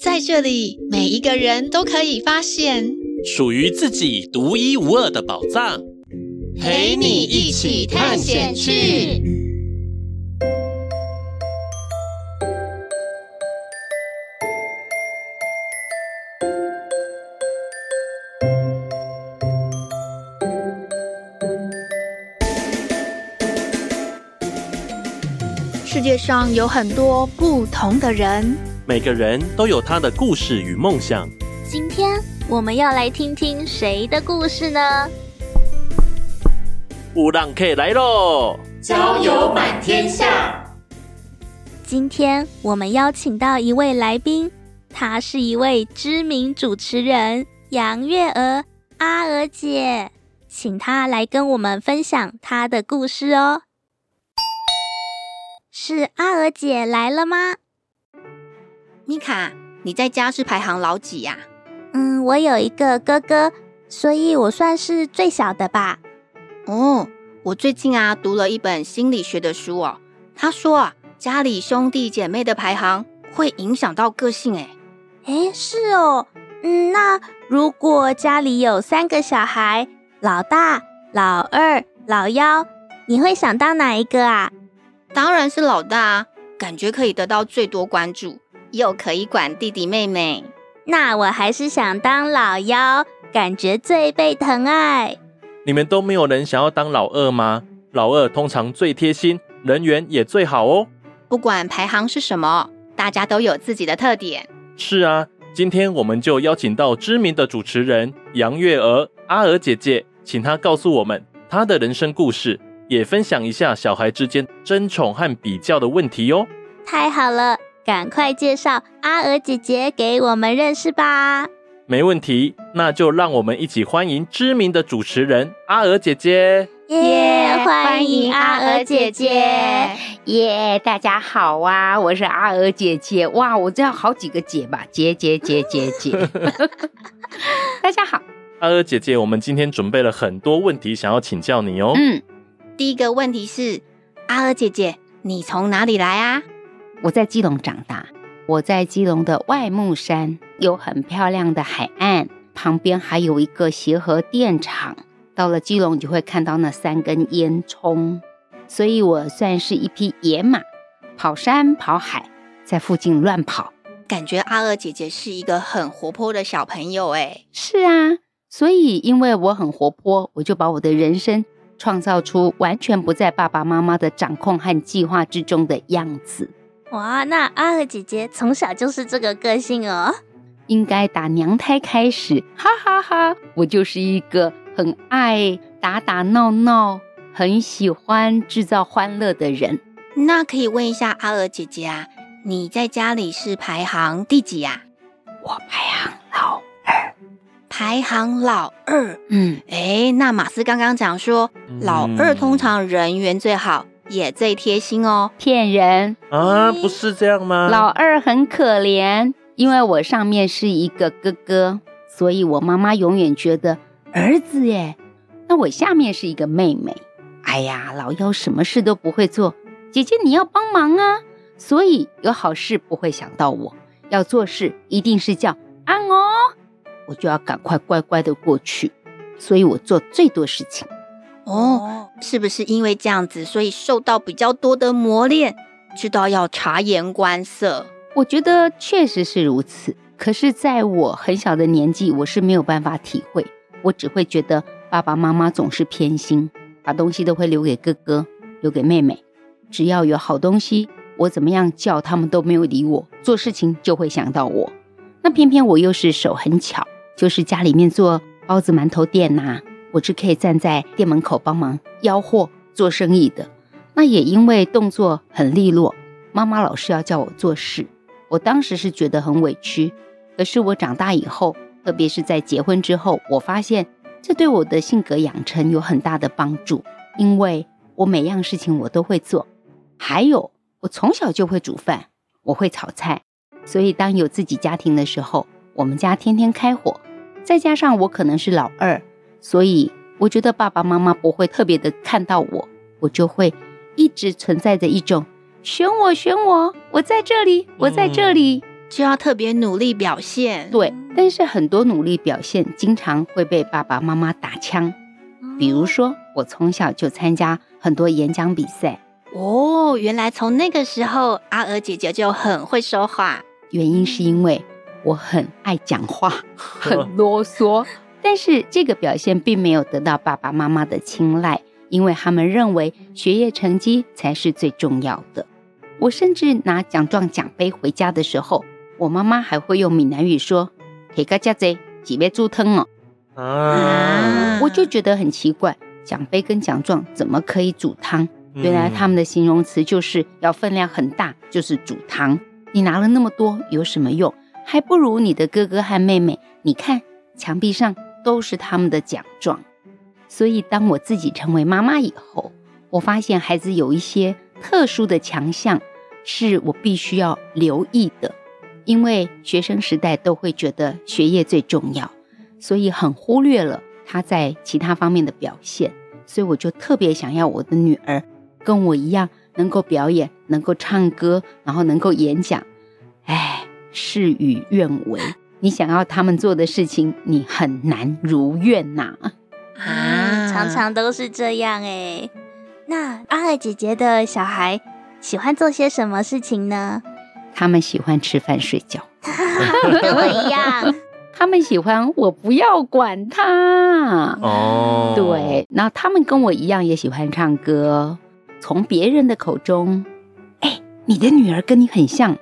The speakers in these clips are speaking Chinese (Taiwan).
在這裡，每一個人都可以發現屬於自己獨一無二的寶藏，陪你一起探險去。世界上有很多不同的人，每個人都有他的故事與夢想。今天我們要來聽聽誰的故事呢？有客人來嘍！交友滿天下。今天我們邀請到一位來賓，他是一位知名主持人楊月娥阿娥姐，請她來跟我們分享她的故事哦。是阿娥姐來了嗎？米卡，你在家是排行老幾呀、啊？嗯，我有一個哥哥，所以我算是最小的吧。哦，我最近啊讀了一本心理學的書哦，他說啊，家裡兄弟姐妹的排行會影響到個性。誒。誒，是哦。嗯，那如果家裡有三個小孩，老大、老二、老幺，你會想當哪一個啊？當然是老大，啊，感覺可以得到最多關注。又可以管弟弟妹妹，那我還是想當老幺，感覺最被疼愛。你們都沒有人想要當老二嗎？老二通常最貼心，人緣也最好哦。不管排行是什麼，大家都有自己的特點。是啊，今天我們就邀請到知名的主持人楊月娥，阿娥姐姐，請她告訴我們她的人生故事，也分享一下小孩之間爭寵和比較的問題喲、哦。太好了。趕快介紹阿娥姐姐給我們認識吧。沒問題，那就讓我們一起歡迎知名的主持人阿娥姐姐。耶！Yeah, 歡迎阿娥姐姐。耶！Yeah, 大家好啊，我是阿娥姐姐。哇，我這要好幾個姐吧？姐姐姐姐姐。 大家好，阿娥姐姐，我們今天準備了很多問題，想要請教你哦。嗯。第一個問題是，阿娥姐姐，你從哪裡來啊？我在基隆長大，我在基隆的外木山，有很漂亮的海岸，旁邊還有一個協和電廠。到了基隆，你就會看到那三根煙囪，所以我算是一匹野馬，跑山跑海，在附近亂跑。感覺阿娥姐姐是一個很活潑的小朋友。哎，是啊，所以因為我很活潑，我就把我的人生創造出完全不在爸爸媽媽的掌控和計劃之中的樣子。哇，那阿娥姐姐從小就是這個個性哦，應該打娘胎開始，哈、哈哈哈！我就是一個很愛打打鬧鬧、很喜歡制造歡樂的人。那可以問一下阿娥姐姐啊，你在家裡是排行第幾呀？啊？我排行老二，排行老二。嗯，誒，那馬斯剛剛講說、嗯、老二通常人緣最好。也最貼心哦，騙人。啊，不是這樣嗎？老二很可憐，因為我上面是一個哥哥，所以我媽媽永遠覺得兒子耶。那我下面是一個妹妹，哎呀，老幺什麼事都不會做，姐姐你要幫忙啊。所以有好事不會想到我，要做事一定是叫阿娥。我就要趕快乖乖的過去，所以我做最多事情。哦，oh, 是不是因為這樣子，所以受到比較多的磨練，知道要察言觀色？我覺得確實是如此。可是，在我很小的年紀，我是沒有辦法體會，我只會覺得爸爸媽媽總是偏心，把東西都會留給哥哥，留給妹妹。只要有好東西，我怎麼樣叫他們都沒有理我，做事情就會想到我。那偏偏我又是手很巧，就是家裡面做包子、饅頭店吶、啊。我是可以站在店門口幫忙吆喝做生意的，那也因為動作很利落，媽媽老是要叫我做事，我當時是覺得很委屈。可是我長大以後，特別是在結婚之後，我發現這對我的性格養成有很大的幫助，因為我每樣事情我都會做，還有我從小就會煮飯，我會炒菜，所以當有自己家庭的時候，我們家天天開火，再加上我可能是老二。所以我覺得爸爸媽媽不會特別的看到我，我就會一直存在着一種選我選我，我在這裡，我在這裡、嗯、就要特別努力表現。對，但是很多努力表現經常會被爸爸媽媽打槍。嗯、比如說，我從小就參加很多演講比賽。哦，原來從那個時候，阿娥姐姐就很會說話。原因是因為我很愛講話，很囉嗦。 但是這個表現並沒有得到爸爸媽媽的青睞，因為他們認為學業成績才是最重要的。我甚至拿獎狀獎杯回家的時候，我媽媽還會用閩南語說：“給個家子，幾杯煮湯哦。”啊！我就覺得很奇怪，獎杯跟獎狀怎麼可以煮湯？原來他們的形容詞就是要分量很大，就是煮湯。你拿了那麼多有什麼用？還不如你的哥哥和妹妹。你看牆壁上。都是他們的獎狀，所以當我自己成為媽媽以後，我發現孩子有一些特殊的強項，是我必須要留意的，因為學生時代都會覺得學業最重要，所以很忽略了他在其他方面的表現，所以我就特別想要我的女兒跟我一樣能夠表演，能夠唱歌，然後能夠演講，哎，事與願違。你想要他們做的事情，你很難如願吶啊、嗯！常常都是這樣哎、欸。那阿娥姐姐的小孩喜歡做些什麼事情呢？他們喜歡吃飯睡覺，跟我 一樣。 他們喜歡我不要管他哦。Oh. 對，那他們跟我一樣也喜歡唱歌。從別人的口中，哎、欸，你的女兒跟你很像。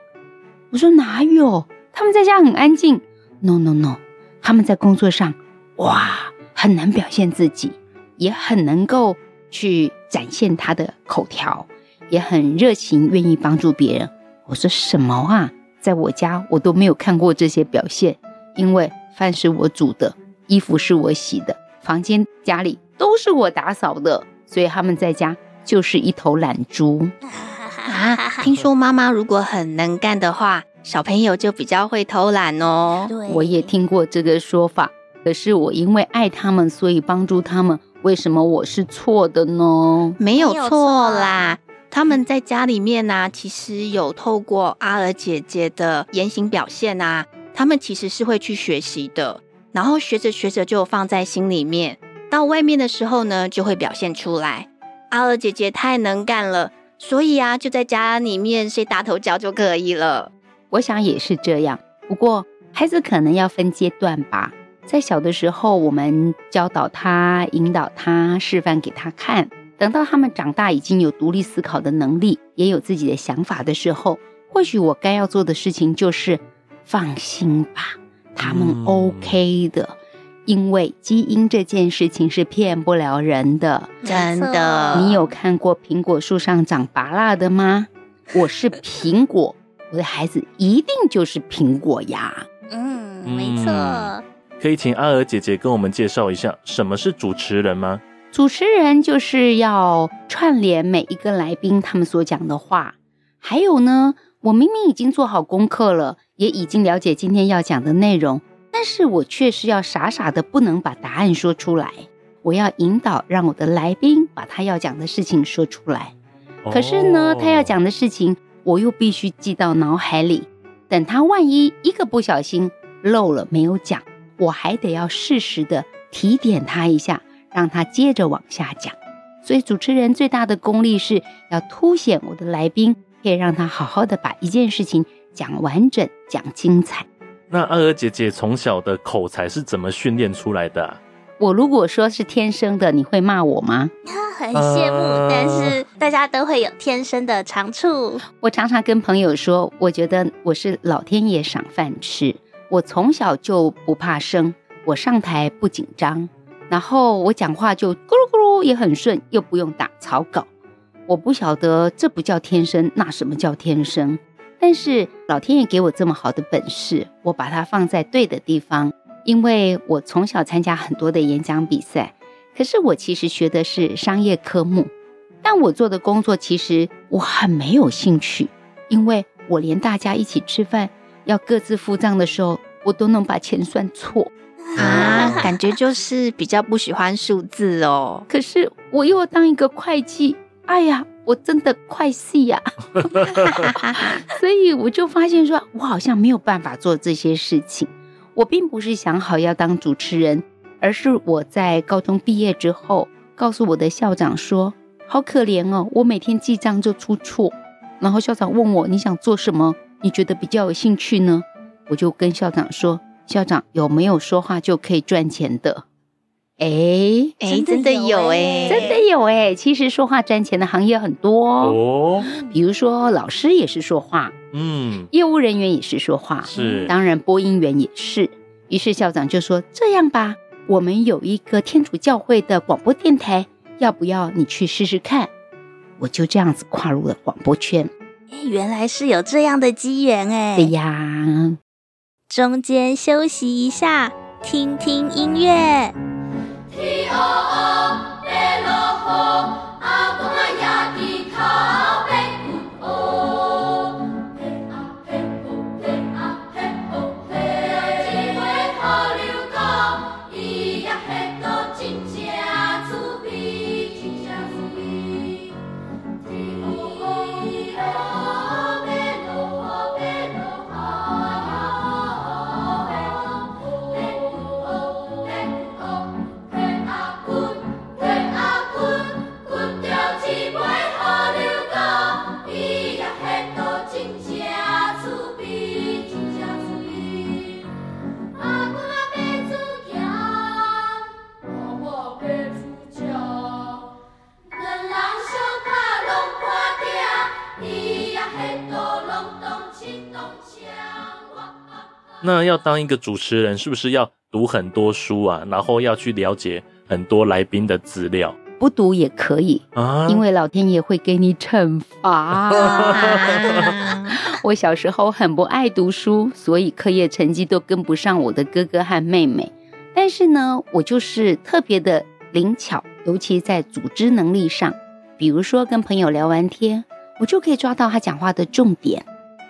我說哪有？他們在家很安靜，no no no，他們在工作上，哇，很能表現自己，也很能夠去展現他的口條，也很熱情，願意幫助別人。我說什麼啊，在我家我都沒有看過這些表現，因為飯是我煮的，衣服是我洗的，房間家裡都是我打掃的，所以他們在家就是一頭懶豬。 啊，聽說媽媽如果很能幹的話。小朋友就比較會偷懶哦。對我也聽過這個說法。可是我因為愛他們，所以幫助他們。為什麼我是錯的呢？沒有錯啦。錯啊、他們在家裡面呢、啊，其實有透過阿娥姐姐的言行表現啊，他們其實是會去學習的。然後學着學着就放在心裡面，到外面的時候呢，就會表現出來。阿娥姐姐太能幹了，所以啊，就在家裡面睡大頭覺就可以了。我想也是這樣，不過孩子可能要分階段吧。在小的時候，我們教導他、引導他、示範給他看；等到他們長大，已經有獨立思考的能力，也有自己的想法的時候，或許我該要做的事情就是放心吧，他們 OK 的，嗯、因為基因這件事情是騙不了人的。真的，你有看過蘋果樹上長芭樂的嗎？我是蘋果。 我的孩子一定就是蘋果呀。嗯，沒錯。嗯，可以請阿娥姐姐跟我們介紹一下什麼是主持人嗎？主持人就是要串聯每一個來賓他們所講的話。還有呢，我明明已經做好功課了，也已經了解今天要講的內容，但是我確實要傻傻的不能把答案說出來。我要引導讓我的來賓把他要講的事情說出來。哦。可是呢，他要講的事情。我又必須記到腦海裡，等他萬一一個不小心漏了沒有講，我還得要適時的提點他一下，讓他接着往下講。所以主持人最大的功力是要凸顯我的來賓，可以讓他好好的把一件事情講完整、講精彩。那阿娥姐姐從小的口才是怎麼訓練出來的啊？我如果說是天生的，你會罵我嗎？很羨慕，uh、但是大家都會有天生的長處。我常常跟朋友說，我覺得我是老天爺賞飯吃。我從小就不怕生，我上台不緊張，然後我講話就咕嚕咕嚕也很順，又不用打草稿。我不曉得這不叫天生，那什麼叫天生？但是老天爺給我這麼好的本事，我把它放在對的地方，因為我從小參加很多的演講比賽。可是我其實學的是商業科目，但我做的工作其實我很沒有興趣，因為我連大家一起吃飯要各自付賬的時候，我都能把錢算錯啊，啊，感覺就是比較不喜歡數字哦。可是我又當一個會計，哎呀，我真的快死呀，啊， 所以我就發現說，我好像沒有辦法做這些事情。我並不是想好要當主持人。而是我在高中畢業之後告訴我的校長說：“好可憐哦，我每天記賬就出錯。”然後校長問我：“你想做什麼？你覺得比較有興趣呢？”我就跟校長說：“校長有沒有說話就可以賺錢的？”哎哎，真的有哎、欸，真的有哎、欸。其實說話賺錢的行業很多哦，哦比如說老師也是說話，嗯，業務人員也是說話，是，當然播音員也是。於是校長就說：“這樣吧。”我們有一個天主教會的廣播電台，要不要你去試試看？我就這樣子跨入了廣播圈。哎，原來是有這樣的機緣哎。對呀。中間休息一下，聽聽音樂。那要當一個主持人，是不是要讀很多書啊？然後要去了解很多來賓的資料？不讀也可以啊，因為老天爺會給你懲罰。 我小時候很不愛讀書，所以課業成績都跟不上我的哥哥和妹妹。但是呢，我就是特別的靈巧，尤其在組織能力上。比如說，跟朋友聊完天，我就可以抓到他講話的重點；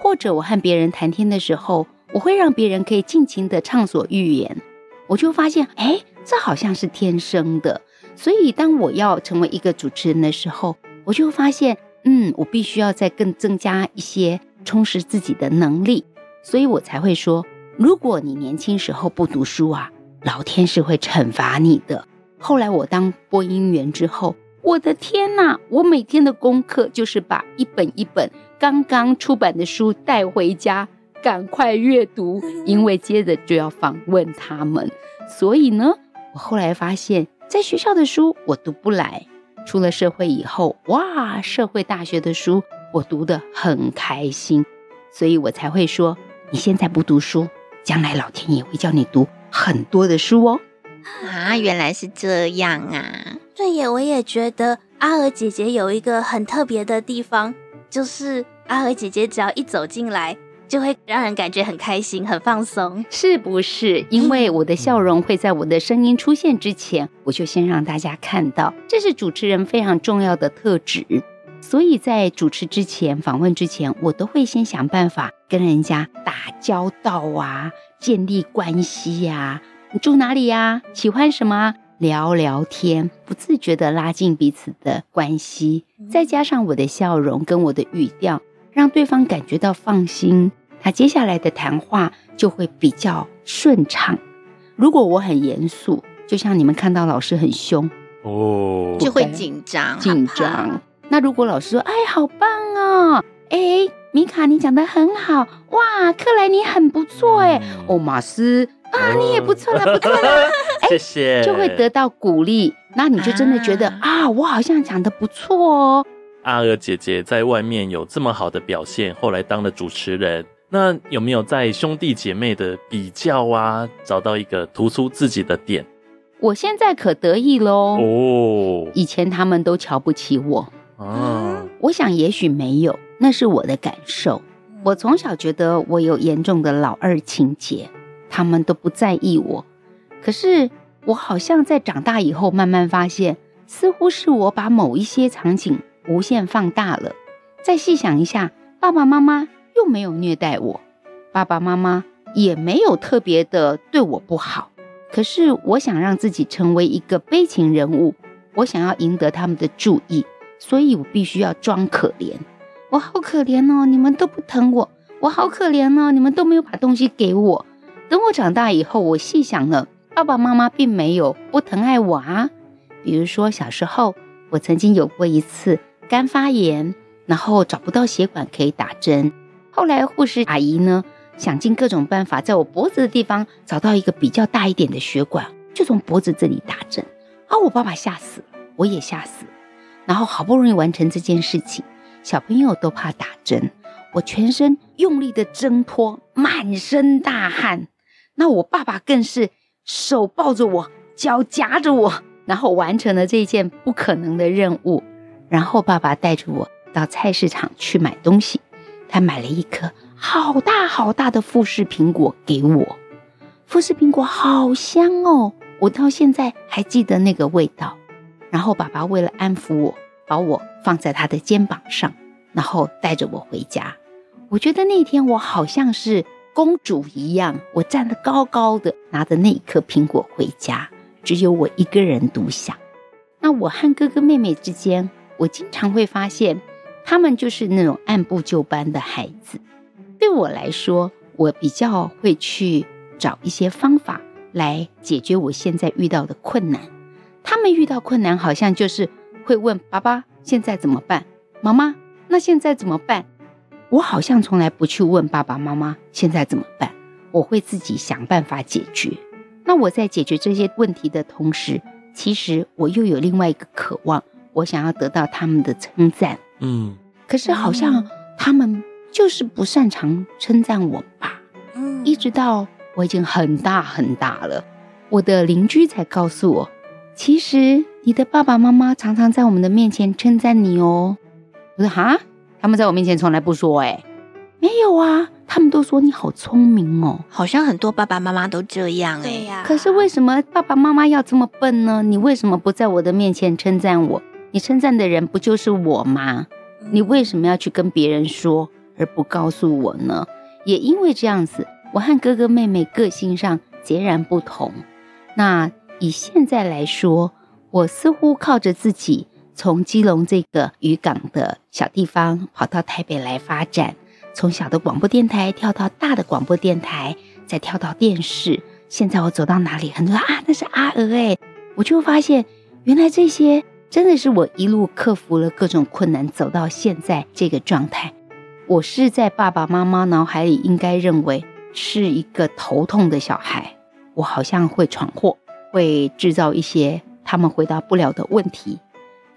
或者我和別人談天的時候。我會讓別人可以盡情的暢所欲言，我就發現，哎，這好像是天生的。所以，當我要成為一個主持人的時候，我就發現，嗯，我必須要再更增加一些充實自己的能力。所以我才會說，如果你年輕時候不讀書啊，老天是會懲罰你的。後來我當播音員之後，我的天哪，我每天的功課就是把一本一本剛剛出版的書帶回家。趕快閱讀，因為接着就要訪問他們，所以呢，我後來發現，在學校的書我讀不來，出了社會以後，哇，社會大學的書我讀得很開心，所以我才會說，你現在不讀書，將來老天爺會叫你讀很多的書哦。啊，原來是這樣啊！對呀，我也覺得阿娥姐姐有一個很特別的地方，就是阿娥姐姐只要一走進來。就會讓人感覺很開心、很放鬆，是不是？因為我的笑容會在我的聲音出現之前，我就先讓大家看到，這是主持人非常重要的特質。所以在主持之前、訪問之前，我都會先想辦法跟人家打交道啊，建立關係呀、啊。你住哪裡呀、啊？喜歡什麼、啊？聊聊天，不自覺地拉近彼此的關係，嗯。再加上我的笑容跟我的語調。讓對方感覺到放心，他接下來的談話就會比較順暢。如果我很嚴肅，就像你們看到老師很兇哦，oh, okay. 就會緊張、怕緊張。那如果老師說：“哎，好棒哦！」哎，米卡，你講得很好哇！克萊，你很不錯哎！嗯、哦，馬斯啊，你也不錯了，不錯了。 哎、謝謝，就會得到鼓勵，那你就真的覺得啊，啊，我好像講得不錯哦。”阿娥姐姐在外面有這麼好的表現，後來當了主持人。那有沒有在兄弟姐妹的比較啊，找到一個突出自己的點？我現在可得意嘍！哦，oh. 以前他們都瞧不起我。嗯，oh. 我想也許沒有，那是我的感受。我從小覺得我有嚴重的老二情節，他們都不在意我。可是我好像在長大以後慢慢發現，似乎是我把某一些場景。無限放大了。再細想一下，爸爸媽媽又沒有虐待我，爸爸媽媽也沒有特別的對我不好。可是，我想讓自己成為一個悲情人物，我想要贏得他們的注意，所以我必須要裝可憐。我好可憐哦，你們都不疼我。我好可憐哦，你們都沒有把東西給我。等我長大以後，我細想了，爸爸媽媽並沒有不疼愛我啊。比如說，小時候我曾經有過一次，肝發炎，然後找不到血管可以打針。後來護士阿姨呢，想盡各種辦法，在我脖子的地方找到一個比較大一點的血管，就從脖子這裡打針。啊，我爸爸嚇死，我也嚇死。然後好不容易完成這件事情，小朋友都怕打針，我全身用力的掙脫，滿身大汗。那我爸爸更是手抱着我，腳夾着我，然後完成了這件不可能的任務。然後爸爸帶着我到菜市場去買東西，他買了一顆好大好大的富士蘋果給我，富士蘋果好香哦，我到現在還記得那個味道。然後爸爸為了安撫我，把我放在他的肩膀上，然後帶着我回家。我覺得那天我好像是公主一樣，我站得高高的，拿着那一顆蘋果回家，只有我一個人獨享。那我和哥哥妹妹之間。我經常會發現，他們就是那種按部就班的孩子。對我來說，我比較會去找一些方法來解決我現在遇到的困難。他們遇到困難，好像就是會問爸爸：“現在怎麼辦？”媽媽：“那現在怎麼辦？”我好像從來不去問爸爸媽媽現在怎麼辦，我會自己想辦法解決。那我在解決這些問題的同時，其實我又有另外一個渴望。我想要得到他們的稱讚，嗯，可是好像他們就是不擅長稱讚我吧，嗯，一直到我已經很大很大了，我的鄰居才告訴我，其實你的爸爸媽媽常常在我們的面前稱讚你哦。我說哈，他們在我面前從來不說哎，沒有啊，他們都說你好聰明哦，好像很多爸爸媽媽都這樣哎，對啊。可是為什麼爸爸媽媽要這麼笨呢？你為什麼不在我的面前稱讚我？你稱讚的人不就是我嗎？你為什麼要去跟別人說而不告訴我呢？也因為這樣子，我和哥哥妹妹個性上截然不同。那以現在來說，我似乎靠着自己，從基隆這個漁港的小地方跑到台北來發展，從小的廣播電台跳到大的廣播電台，再跳到電視。現在我走到哪裡，很多人說啊，那是阿娥哎，欸，我就發現原來這些。真的是我一路克服了各種困難走到現在這個狀態。我是在爸爸媽媽腦海裡應該認為是一個頭痛的小孩，我好像會闖禍，會制造一些他們回答不了的問題。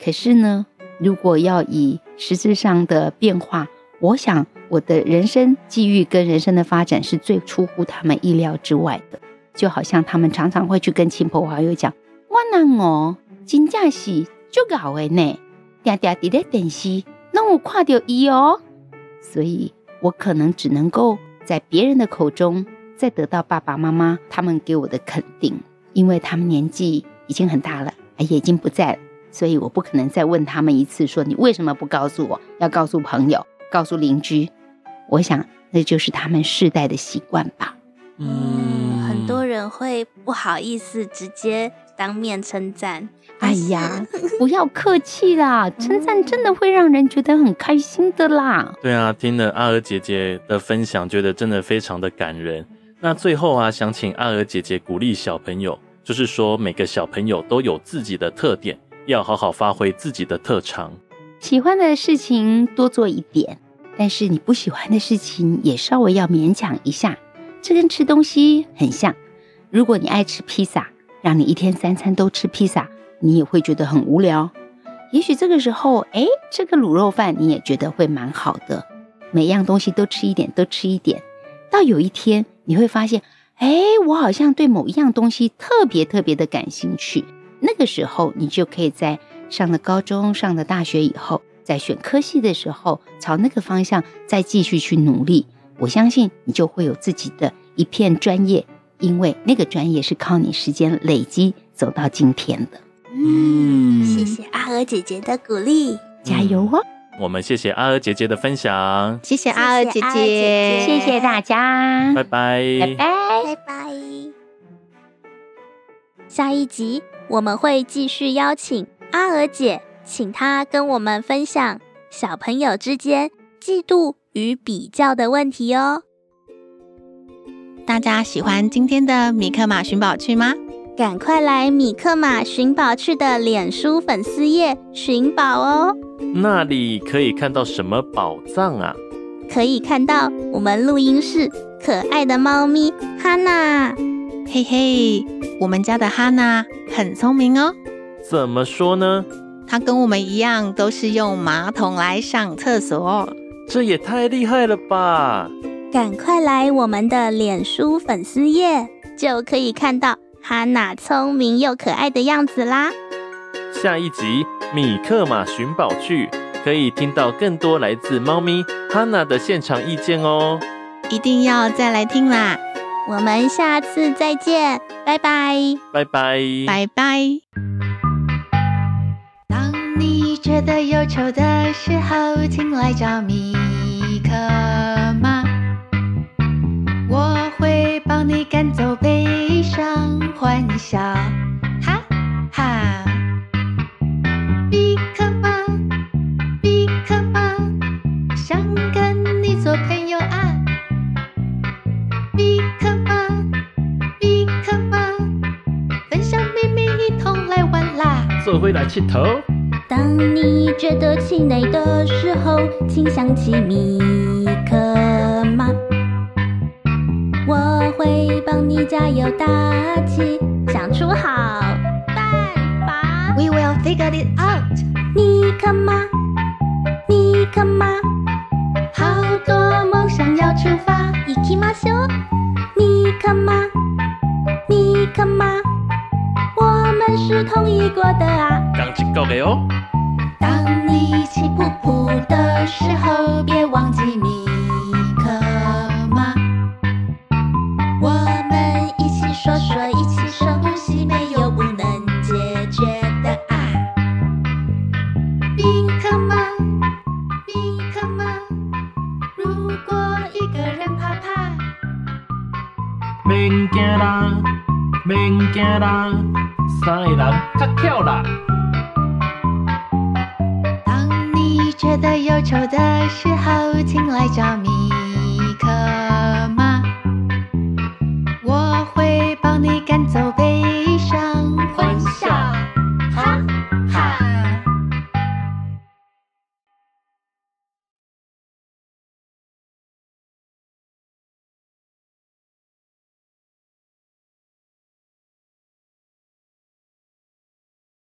可是呢，如果要以實質上的變化，我想我的人生際遇跟人生的發展是最出乎他們意料之外的。就好像他們常常會去跟親朋好友講：“我那我今價婿。”就搞的呢，點點滴滴的東西，讓我跨掉一哦，所以我可能只能夠在別人的口中再得到爸爸媽媽他們給我的肯定，因為他們年紀已經很大了，也已經不在了，所以我不可能再問他們一次，說你為什麼不告訴我，要告訴朋友，告訴鄰居？我想，那就是他們世代的習慣吧。嗯，很多人會不好意思直接。當面稱讚，哎呀， 不要客氣啦！稱讚真的會讓人覺得很開心的啦。對啊，聽了阿娥姐姐的分享，覺得真的非常的感人。那最後啊，想請阿娥姐姐鼓勵小朋友，就是說每個小朋友都有自己的特點，要好好發揮自己的特長，喜歡的事情多做一點，但是你不喜歡的事情也稍微要勉強一下。這跟吃東西很像，如果你愛吃披薩。讓你一天三餐都吃披薩，你也會覺得很無聊。也許這個時候，哎，這個滷肉飯你也覺得會蠻好的。每樣東西都吃一點，都吃一點。到有一天你會發現，哎，我好像對某一樣東西特別特別的感興趣。那個時候，你就可以在上了高中、上了大學以後，在選科系的時候，朝那個方向再繼續去努力。我相信你就會有自己的一片專業。因為那個專業是靠你時間累積走到今天的。嗯，謝謝阿娥姐姐的鼓勵，嗯、加油哦！我們謝謝阿娥姐姐的分享，謝謝阿娥姐姐，謝謝阿娥姐姐，謝謝大家，拜拜，拜拜，拜拜。下一集我們會繼續邀請阿娥姐，請她跟我們分享小朋友之間嫉妒與比較的問題哦。大家喜歡今天的米克馬尋寶趣嗎？趕快來米克馬尋寶趣的臉書粉絲頁尋寶哦！那裡可以看到什麼寶藏啊？可以看到我們錄音室可愛的貓咪哈娜，嘿嘿，我們家的哈娜很聰明哦。怎麼說呢？它跟我們一樣，都是用馬桶來上廁所。這也太厲害了吧！趕快來我們的臉書粉絲頁，就可以看到哈娜聰明又可愛的樣子啦！下一集《米克馬尋寶趣》可以聽到更多來自貓咪哈娜的現場意見哦！一定要再來聽啦！我們下次再見，拜拜！拜拜！拜拜！當你覺得憂愁的時候，請來找米克馬。你趕走悲傷，歡笑，哈哈。米克馬，米克馬，想跟你做朋友啊。米克馬，米克馬，分享秘密，一同來玩啦。做伙來氣頭。當你覺得氣餒的時候，請想起米克。你加油打，打氣想出好辦法。Bye，We will figure it out。米克馬，米克馬，好多夢想要出發。一起冒險，米克馬，米克馬，我們是同一國的啊。講個的哦。免驚、啊、啦，三個人較巧啦。當你覺得憂愁的時候，請來找我。